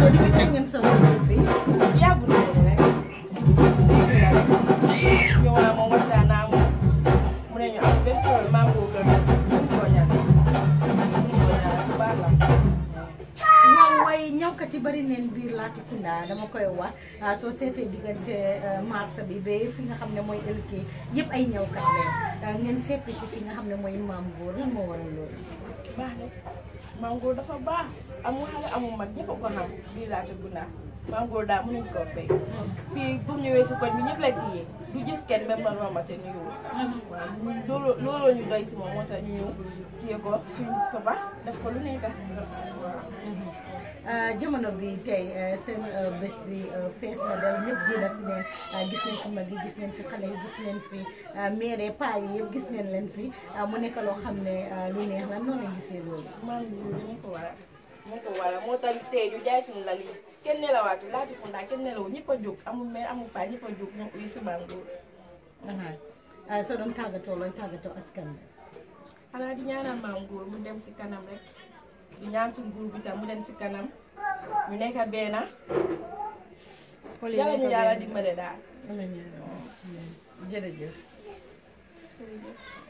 soo demee tëj ngeen soo demee bi yàggu na rek ñu waa ne ñu am benn problème maa ngi ko gën a koo ñaan ñu ko ñaan bu baax la. ñoom way bari neen biir Latrikunda dama koy wax soo seetee diggante bi ba fi nga xam ne mooy ëllëg yëpp ay ñawkat ngeen seppi si nga xam ne mooy maam góor lan moo waral loolu. mango dafa baax amul xale amul mag ñëpp ko xam bii laata gunnaa maam góor daa mënuñ koo fay. fii bu mu ñëwee si koñ bi ñëpp la téye du gis kenn même la rombate nuyu waaw looloo looloo ñu doy si moom moo tax ñu ñëw ko suñu ko ba def ko lu nekk jamono bi tey eh, seen eh, bés bi eh, fees na dal ñëpp ji si neen gis nañ fi mag gis nañ fi xale yi gis nañ fi maire paa yi yëpp gis nañ leen fi mu nekk loo xam ne lu neex la noonu la gisee loolu. moo ko waral moo tax tey ñu jaay suñu lal yi kenn nelawaatul laati kundaa kenn nelawul ñëpp a jóg amul mère amul paa ñëpp a jóg ñoom uy subaa nguur. Ah, soo doon tàggatoo looy tàggatoo askan bi. xanaa di ñaanal maam nguur mu dem si kanam rek di ñaan suñu nguur bi tam mu dem si kanam ñu nekk benn. yàlla ñu yàlla dimbale daal. jërëjëf. jërëjëf.